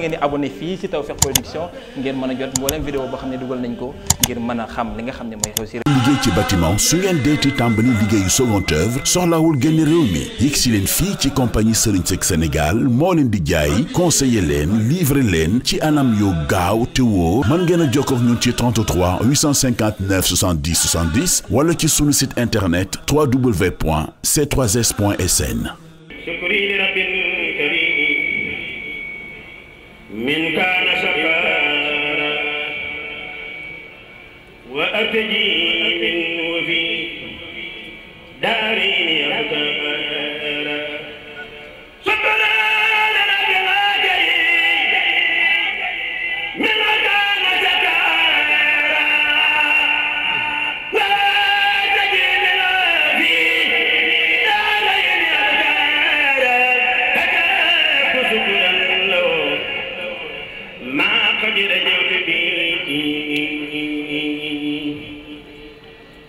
ngeen di abonné fii ci Tawfekh Production ngeen mën a jot mboolem vidéo boo xam ne dugal nañ ko ngir mën a xam li nga xam ne mooy xew ci liggéey ci bâtiment su ngeen deeti tàmbali liggéeyu second œuvre soxlaawul génn réew mi yegg si leen fii ci compagnie Serigne Seck Sénégal moo leen di jaay conseiller leen livrer leen ci anam yu gaaw te woo mën ngeen a jokkoo ak ñun ci 33 859 70 70 wala ci sunu site internet www.c3s.sn من كان شكارا وأتجي منه في داري يبتغي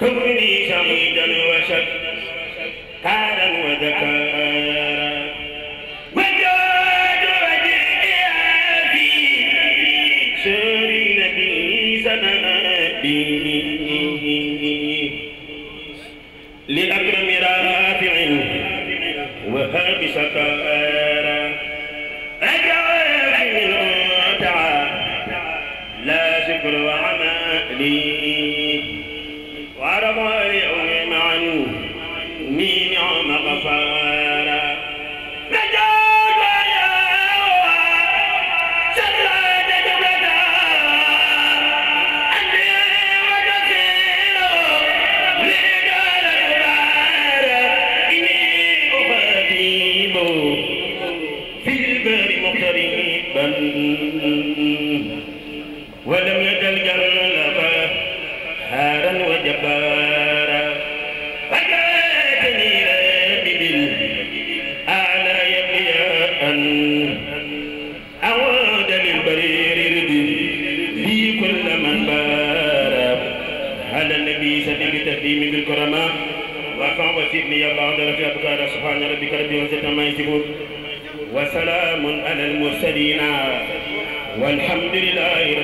كوني شهيدا وشكارا وذكارا وجود وجهي شر النبي سنابي لأكرم رافع وهاب شكارا البشر وعمالي ورضى لأمي معن مي نعم غفارا نجاك يا سرات جبتا أنت وتسير لدار الغبار إني أخاطب في البر مغتربا ولم يجل جنبا هارا وجبارا فجاتني ربي بالأعلى يقيا أعود للبرير ردي لي كل من بارا على النبي سبيل التقديم بالكرماء وفاء وسيدني الله درجة أبكار سبحان ربك رب العزة ما يصفون وسلام على المرسلين والحمد لله رب